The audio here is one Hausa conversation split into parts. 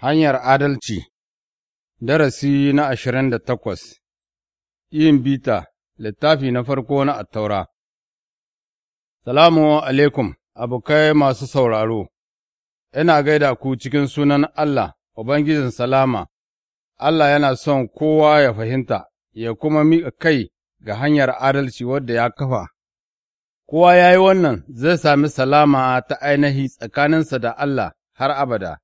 Hanyar Adalci Darasi na ashirin da takwas Yin bita, littafi na farko na attaura Salamu alaikum, abokai masu sauraro, ina gaida ku cikin sunan Allah, Ubangijin Salama, Allah yana son kowa ya fahimta, ya kuma miƙa kai ga hanyar adalci wadda ya kafa. Kowa ya yi wannan zai sami salama ta ainihi tsakaninsa da Allah har abada.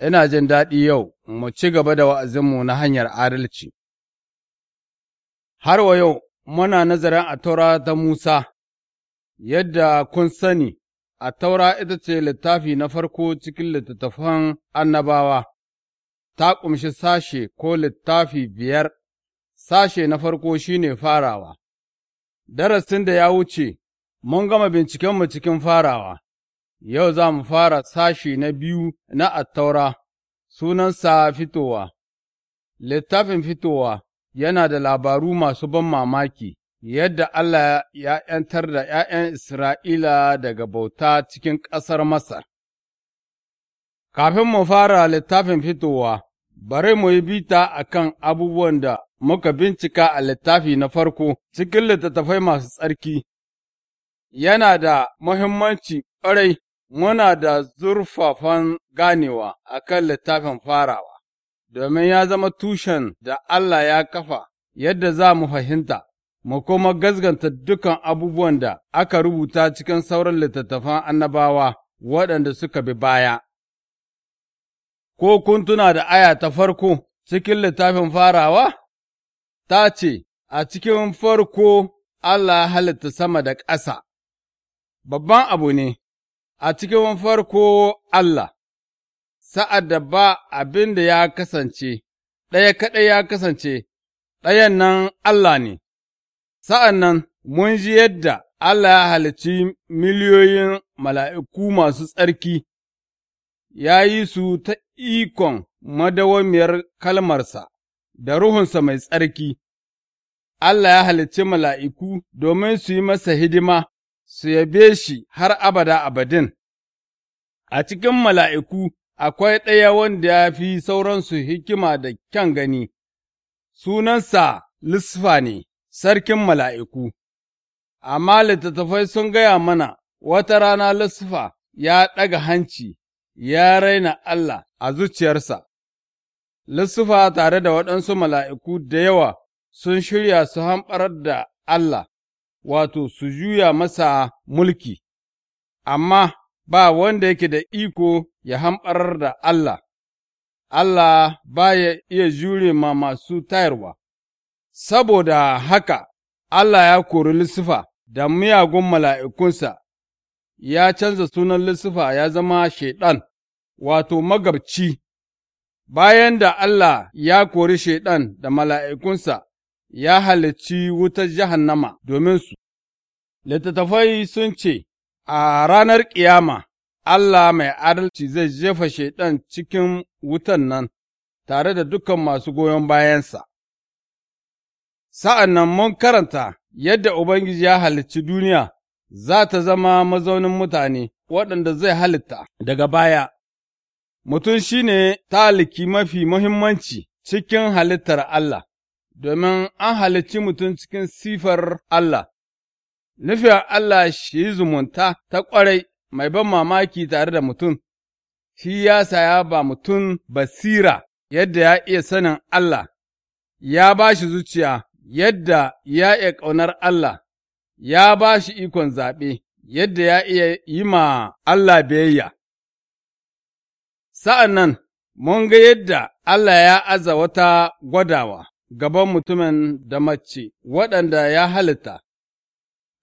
Ina jin daɗi yau mu ci gaba da wa'azinmu na hanyar adalci. Har wa yau muna nazarin a taura ta Musa, yadda kun sani, a taura ita ce littafi na farko cikin littattafan annabawa, ta ƙumshi sashe ko littafi biyar, sashe na farko shine farawa. Darasin da ya wuce, mun gama bincikenmu cikin farawa. Yau za mu fara sashi na biyu na attaura, sunansa fitowa. Littafin fitowa yana da labaru masu ban mamaki, yadda Allah ya ’yantar da ’ya'yan Isra'ila daga bauta cikin ƙasar Masar. Kafin mu fara littafin fitowa, bari mu yi bita a kan abubuwan da muka bincika a littafi na farko cikin littattafai masu tsarki. Yana da muhimmanci ƙwarai muna da zurfafan ganewa a kan littafin farawa, domin ya zama tushen da Allah ya kafa yadda za mu fahimta, mu kuma gazganta dukan abubuwan da aka rubuta cikin sauran littattafan annabawa waɗanda suka bi baya. Ko kun tuna da aya ta farko cikin littafin farawa? Ta ce, A cikin farko Allah halitta sama da ƙasa, babban abu ne. a cikin farko Allah, sa'ad da ba abin da ya kasance, ɗaya kaɗai ya kasance, ɗayan nan Allah ne, sa'an nan mun ji yadda Allah ya halicci miliyoyin mala'iku masu tsarki, ya yi su ta ikon madawamiyar kalmarsa da ruhunsa mai tsarki, Allah ya halicci mala'iku domin su yi masa hidima. su yabe shi har abada abadin. A cikin mala'iku akwai ɗaya wanda ya fi sauransu hikima da kyan gani, sunansa Lisfa ne, sarkin mala'iku, amma littattafai sun gaya mana wata rana Lisfa ya ɗaga hanci, ya raina Allah a zuciyarsa. Lissufa tare da waɗansu mala'iku da yawa sun shirya su hamɓarar da Allah, wato, su juya masa mulki, amma ba wanda yake da iko ya hamɓarar da Allah, Allah ba ya iya jure ma masu tayarwa, saboda haka Allah ya kori Lusufa da miyagun mala'ikunsa, ya canza sunan Lusufa ya zama Shaiɗan, wato magabci, bayan da Allah ya kori Shaiɗan da mala'ikunsa, ya halicci wutar jahannama domin su. Littattafai sun ce, A ranar ƙiyama, Allah mai adalci zai jefa Shaiɗan cikin wutan nan tare da dukan masu goyon bayansa. Sa'an nan mun karanta yadda Ubangiji ya halicci duniya za ta zama mazaunin mutane waɗanda zai halitta daga baya. Mutum shi ne taliki mafi muhimmanci cikin halittar Allah. domin an halicci mutum cikin sifar Allah. Nufiyar Allah shi zumunta ta ƙwarai mai ban mamaki tare da mutum, shi ya saya ba mutum basira yadda ya iya sanin Allah, ya ba shi zuciya yadda ya iya ƙaunar Allah, ya ba shi ikon zaɓe yadda ya iya yi ma Allah biyayya. Sa'an nan, mun ga yadda Allah ya aza wata gwadawa, gaban mutumin da mace waɗanda ya halitta,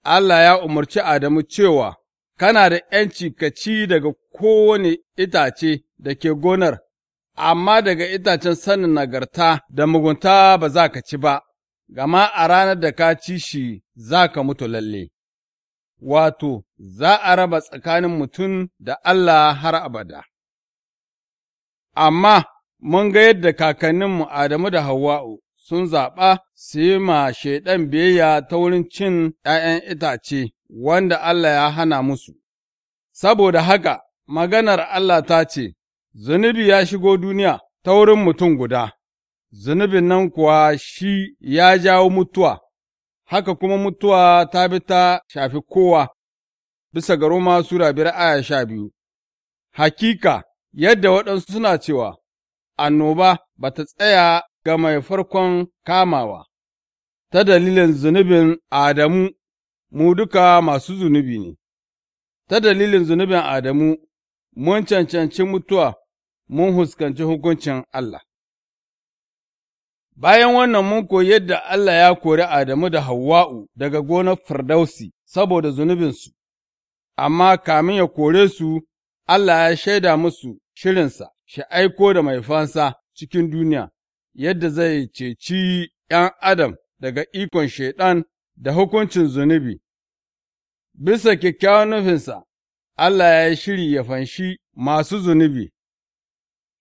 Allah ya umarci Adamu cewa, Kana da ’yanci ka ci daga kowane itace da ke gonar, amma daga itacen sanin nagarta da mugunta ba za ka ci ba, gama a ranar da ka ci shi za ka mutu lalle. Wato, za a raba tsakanin mutum da Allah har abada. Amma mun ga yadda kakanninmu Adamu da Hawwa'u sun zaɓa su yi ma Shaiɗan biyayya ta wurin cin ’ya'yan itace wanda Allah ya hana musu. Saboda haka, maganar Allah ta ce, Zunubi ya shigo duniya ta wurin mutum guda, zunubin nan kuwa shi ya jawo mutuwa, haka kuma mutuwa ta bi ta shafi kowa, bisa ga Roma Sura biyar aya sha biyu. Hakika, yadda waɗansu suna cewa, annoba ba ta tsaya ga mai farkon kamawa, ta dalilin zunubin Adamu, mu duka masu zunubi ne, ta dalilin zunubin Adamu, mun cancanci mutuwa, mun huskanci hukuncin Allah. Bayan wannan mun koyi yadda Allah ya kori Adamu da Hawwa'u daga gonar Firdausi saboda zunubinsu, amma kamin ya kore su, Allah ya shaida musu shirinsa, shi aiko da mai fansa cikin duniya, yadda zai ceci ’yan Adam daga ikon Shaiɗan da hukuncin zunubi. Bisa kyakkyawan nufinsa, Allah ya yi shiri ya fanshi masu zunubi,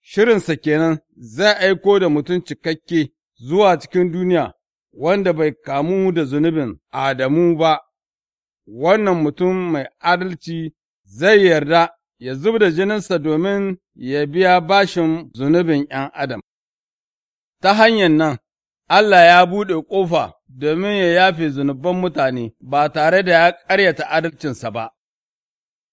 shirinsa kenan zai aiko da mutum cikakke zuwa cikin duniya wanda bai kamu da zunubin Adamu ba, wannan mutum mai adalci zai yarda ya zub da jininsa domin ya biya bashin zunubin ’yan Adam. ta hanyar nan Allah ya buɗe ƙofa domin ya yafe zunuban mutane ba tare da ya ƙaryata adalcinsa ba.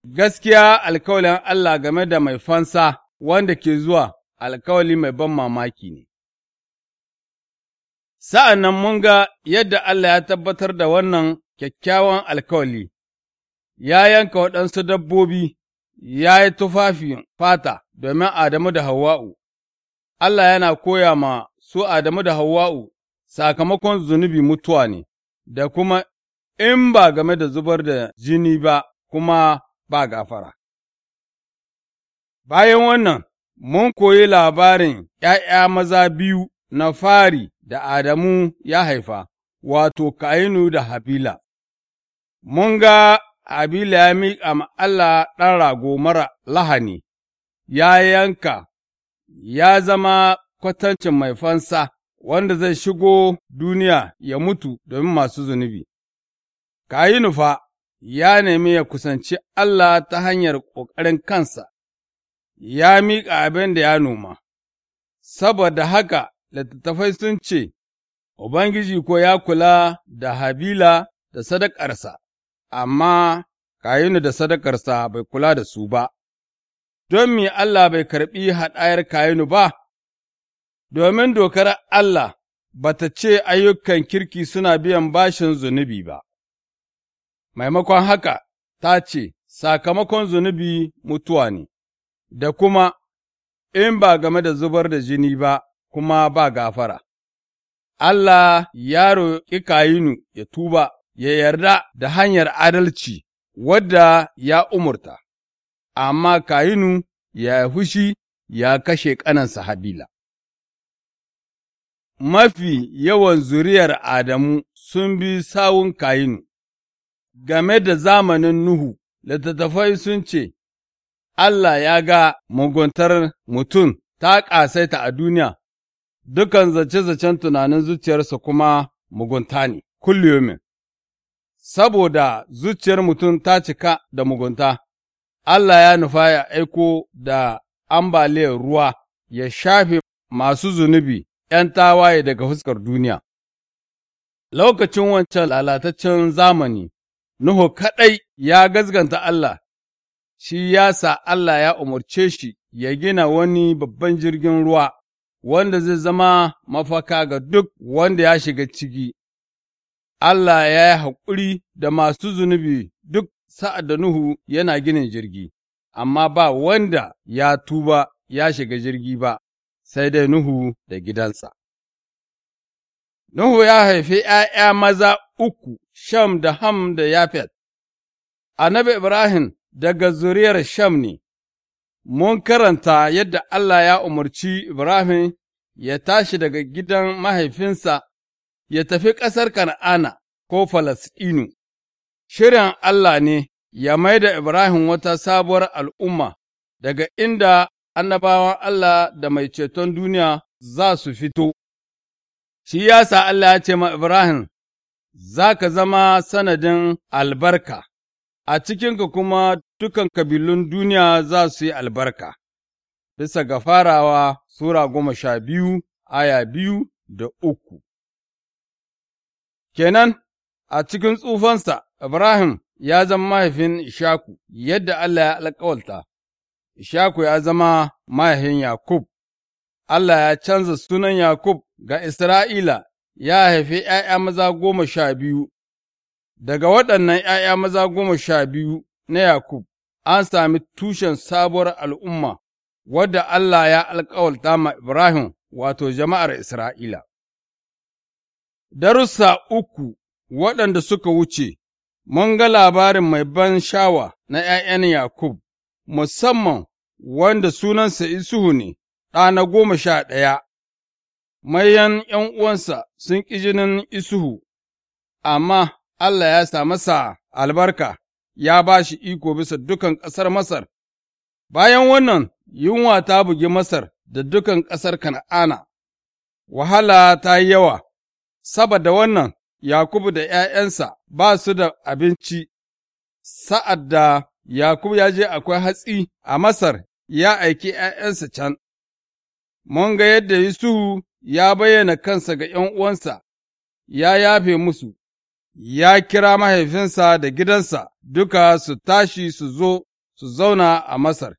Gaskiya alkawalin Allah game da mai fansa wanda ke zuwa alkawali mai ban mamaki ne. Sa'an nan mun ga yadda Allah ya tabbatar da wannan kyakkyawan alkawali, ya yanka waɗansu dabbobi, ya yi tufafin fata domin Adamu da Hawwa'u. Allah yana koya ma su Adamu da Hawwa'u sakamakon zunubi mutuwa ne, da kuma in ba game da zubar da jini ba kuma ba gafara. Bayan wannan, mun koyi labarin ’ya'ya maza biyu na fari da Adamu ya haifa, wato Kainu da Habila. Mun ga Habila ya miƙa ma Allah ɗan rago mara lahani, ya yanka, ya zama kwatancin mai fansa wanda zai shigo duniya ya mutu domin masu zunubi. Kayinu fa ya nemi ya kusanci Allah ta hanyar ƙoƙarin kansa, ya miƙa abin da ya noma, saboda haka littattafai sun ce, Ubangiji ko ya kula da Habila da sadakarsa, amma Kayinu da sadakarsa bai kula da su ba, don me Allah bai karɓi haɗayar Kayinu ba? domin dokar Allah ba ta ce ayyukan kirki suna biyan bashin zunubi ba, maimakon haka ta ce sakamakon zunubi mutuwa ne, da kuma in ba game da zubar da jini ba kuma ba gafara. Allah ya roƙi Kayinu ya tuba, ya yarda da hanyar adalci wadda ya umurta, amma Kayinu ya fushi ya kashe ƙanansa Habila. mafi yawan zuriyar Adamu sun bi sawun Kayinu. Game da zamanin Nuhu, littattafai sun ce, Allah ya ga muguntar mutum ta ƙasaita a duniya, dukan zace-zacen tunanin zuciyarsa kuma mugunta ne, kulliyomin. Saboda zuciyar mutum ta cika da mugunta, Allah ya nufa ya aiko da ambaliyar ruwa ya shafe masu zunubi ’yan tawaye daga fuskar duniya. Lokacin wancan lalataccen zamani, Nuhu kaɗai ya gazganta Allah, shi ya sa Allah ya umarce shi ya gina wani babban jirgin ruwa wanda zai zama mafaka ga duk wanda ya shiga ciki. Allah ya yi haƙuri da masu zunubi duk sa'ad da Nuhu yana ginin jirgi, amma ba wanda ya tuba ya shiga jirgi ba. sai dai Nuhu da gidansa. Nuhu ya haifi ’ya'ya maza uku, Sham da Ham da Yafet, annabi Ibrahim daga zuriyar Sham ne, mun karanta yadda Allah ya umarci Ibrahim ya tashi daga gidan mahaifinsa ya tafi ƙasar Kan'ana ko Falasɗinu. Shirin Allah ne ya mai da Ibrahim wata sabuwar al'umma daga inda annabawan Allah da mai ceton duniya za su fito. Shi ya sa Allah ya ce ma Ibrahim, Za ka zama sanadin albarka, a cikinka kuma dukan kabilun duniya za su yi albarka, bisa ga farawa Sura goma sha biyu, aya biyu da uku. Kenan, a cikin tsufansa, Ibrahim ya zama mahaifin Ishaku, yadda Allah ya alƙawalta. Ishaku ya zama mahaifin Yakub, Allah ya canza sunan Yakub ga Isra'ila, ya haifi ’ya'ya maza goma sha biyu, daga waɗannan ’ya'ya maza goma sha biyu na Yakub, an sami tushen sabuwar al'umma, wadda Allah ya alƙawalta ma Ibrahim, wato jama'ar Isra'ila. Darussa uku waɗanda suka wuce, mun ga labarin mai ban shawa na ’ya'yan Yakub, musamman wanda sunansa Isuhu ne, ɗana goma sha ɗaya, mayan ’yan uwansa sun ƙi jinin Isuhu, amma Allah ya sa albarka, ya ba shi iko bisa dukan ƙasar Masar. Bayan wannan, yunwa ta bugi Masar da dukan ƙasar Kana'ana, wahala ta yi yawa, saboda wannan Yakubu da ’ya'yansa ba su da abinci, sa'ad da Yakubu ya je akwai hatsi a Masar ya aiki ’ya'yansa can, mun ga yadda Yusufu ya bayyana kansa ga ’yan uwansa, ya yafe musu, ya kira mahaifinsa da gidansa duka su tashi su zo su zauna a Masar.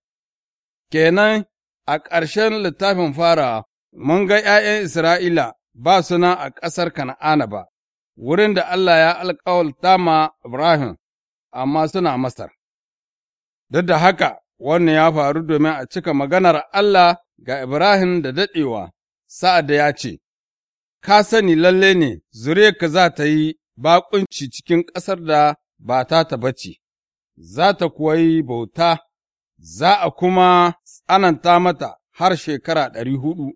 Kenan a ƙarshen littafin fara mun ga ’ya'yan Isra'ila ba suna a ƙasar Kana'ana ba, wurin da Allah ya alƙawalta ma Ibrahim, amma suna Masar. Duk da haka, wannan ya faru domin a cika maganar Allah ga Ibrahim da daɗewa, sa'ad da ya ce, Ka sani lalle ne, zuriyarka za ta yi baƙunci cikin ƙasar da ba ta ta bace, za ta kuwa yi bauta, za a kuma tsananta mata har shekara ɗari huɗu,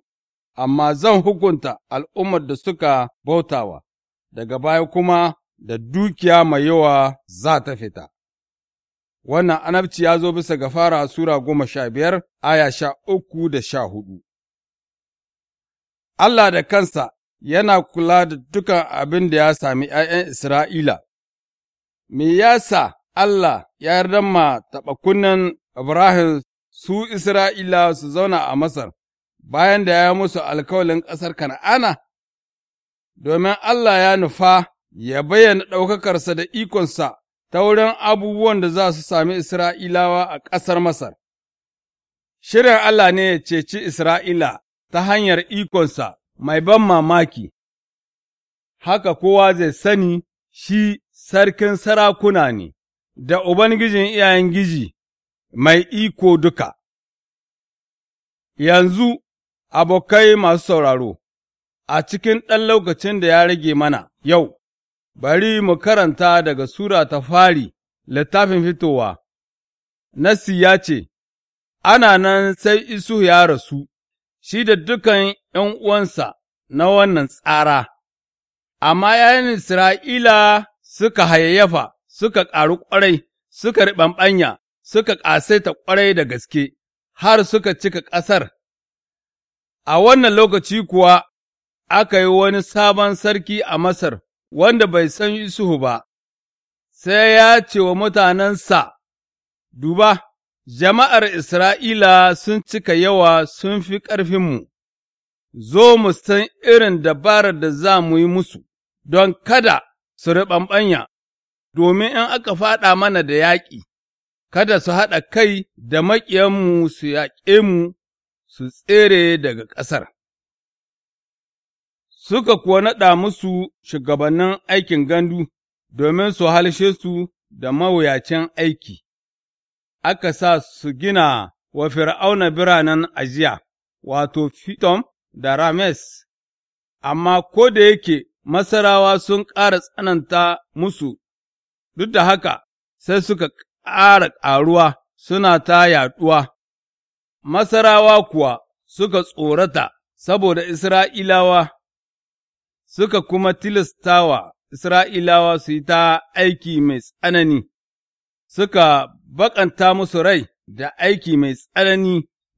amma zan hukunta al'ummar da suka bautawa, daga baya kuma da dukiya mai yawa za ta fita. Wannan anabci ya zo bisa ga fara Sura goma sha biyar, aya sha uku da sha hudu. Allah da kansa yana kula da dukan abin da ya sami ’ya'yan Isra'ila, me ya sa Allah ya yarda ma taɓa Ibrahim su Isra'ila su zauna a Masar, bayan da ya musu alkawalin ƙasar Kana'ana, domin Allah ya nufa ya bayyana ɗaukakarsa da ikonsa ta wurin abubuwan da za su sami Isra'ilawa a ƙasar Masar. Shirin Allah ne ya ceci Isra'ila ta hanyar ikonsa mai ban mamaki, haka kowa zai sani shi sarkin sarakuna ne, da Ubangijin iyayen giji mai iko duka. Yanzu, abokai masu sauraro, a cikin ɗan lokacin da ya rage mana yau, Bari mu karanta daga Sura ta fari, littafin fitowa, Nassi ya ce, Ana nan sai Isu ya rasu, shi da dukan 'yan'uwansa na wannan tsara, amma ’ya'yan Isra'ila suka hayayyafa, suka ƙaru ƙwarai, suka riɓanɓanya, suka ƙasaita ƙwarai da gaske, har suka cika ƙasar. A wannan lokaci kuwa aka yi wani sabon sarki a Masar wanda bai san Yusufu ba, sai ya ce wa mutanensa, Duba, jama'ar Isra'ila sun cika yawa sun fi ƙarfinmu, zo mu san irin dabarar da za mu yi musu, don kada su riɓanɓanya, domin in aka faɗa mana da yaƙi, kada su haɗa kai da maƙiyanmu su yaƙe mu su tsere daga ƙasar. suka kuwa naɗa musu shugabannin aikin gandu domin su halshe su da mawuyacin aiki, aka sa su gina wa fir'auna biranen ajiya, wato Fitom da Rames, amma ko da yake Masarawa sun ƙara tsananta musu, duk da haka sai suka ƙara ƙaruwa suna ta yaɗuwa, Masarawa kuwa suka tsorata saboda Isra'ilawa suka kuma tilastawa Isra'ilawa su yi ta aiki mai tsanani, suka baƙanta musu rai da aiki mai tsanani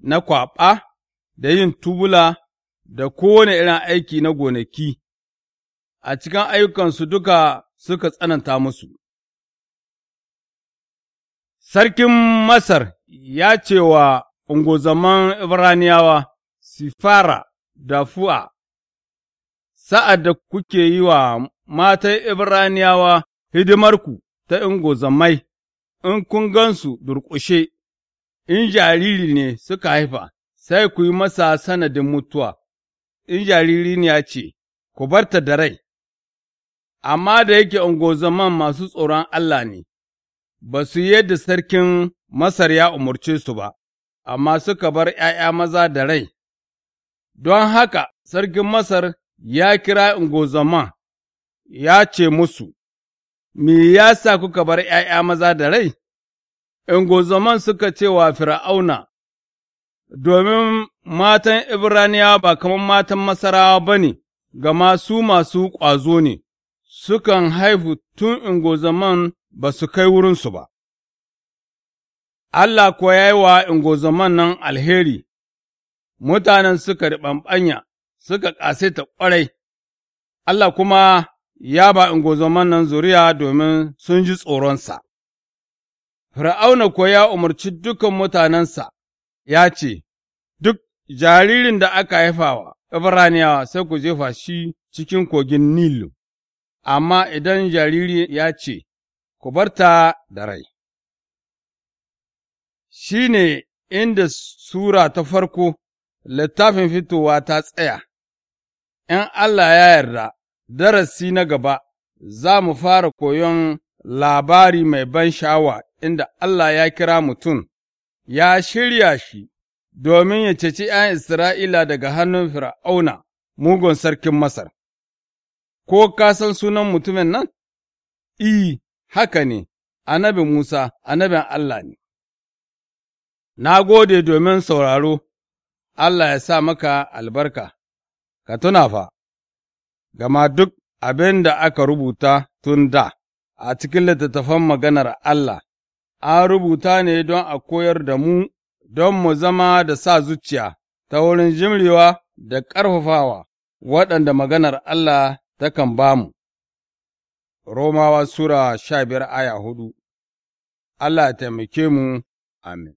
na kwaɓa, da yin tubula, da kowane irin aiki na gonaki, a cikin ayyukansu duka suka tsananta musu. Sarkin Masar ya ce wa ungozaman Ibraniyawa, Sifara da Fu'a, sa'ad da kuke yi wa matan Ibraniyawa hidimarku ta ingozammai, in kun gansu durƙushe, in jariri ne suka haifa, sai ku yi masa sanadin mutuwa, in jariri ne ya ce, ku barta da rai, amma da yake ungozaman masu tsoron Allah ne, ba su yadda sarkin Masar ya umarce su ba, amma suka bar ’ya'ya maza da rai, don haka sarkin Masar ya kira ungozoma, ya ce musu, Me ya sa kuka bar ’ya'ya maza da rai? Ungozoman suka ce wa Fir'auna, Domin matan Ibraniya ba kamar matan Masarawa ba ne, gama su masu ƙwazo ne, sukan haihu tun ungozoman ba su kai wurinsu ba. Allah kuwa ya yi wa ungozoman nan alheri, mutanen suka riɓanɓanya, suka ƙase ta ƙwarai, Allah kuma ya ba in gozo nan zuriya domin sun ji tsoronsa. Fir'auna kuwa ya umarci dukan mutanensa, ya ce, Duk jaririn da aka haifawa Ibraniyawa sai ku jefa shi cikin kogin Nilu, amma idan jariri ya ce, Ku bar ta da rai. Shi ne inda Sura ta farko, littafin fitowa ta tsaya, in Allah ya yarda, darasi na gaba za mu fara koyon labari mai ban sha'awa inda Allah ya kira mutum, ya shirya shi domin ya ceci ’yan Isra'ila daga hannun Fir'auna, mugun sarkin Masar. Ko ka san sunan mutumin nan? I, haka ne, annabi Musa, annabin Allah ne. Na gode domin sauraro, Allah ya sa maka albarka. ka tuna fa, gama duk abin da aka rubuta tun da a cikin littattafan maganar Allah, an rubuta ne don a koyar da mu, don mu zama da sa zuciya ta wurin jimrewa da ƙarfafawa waɗanda maganar Allah takan ba mu. Romawa Sura sha biyar aya hudu Allah taimake mu, amin.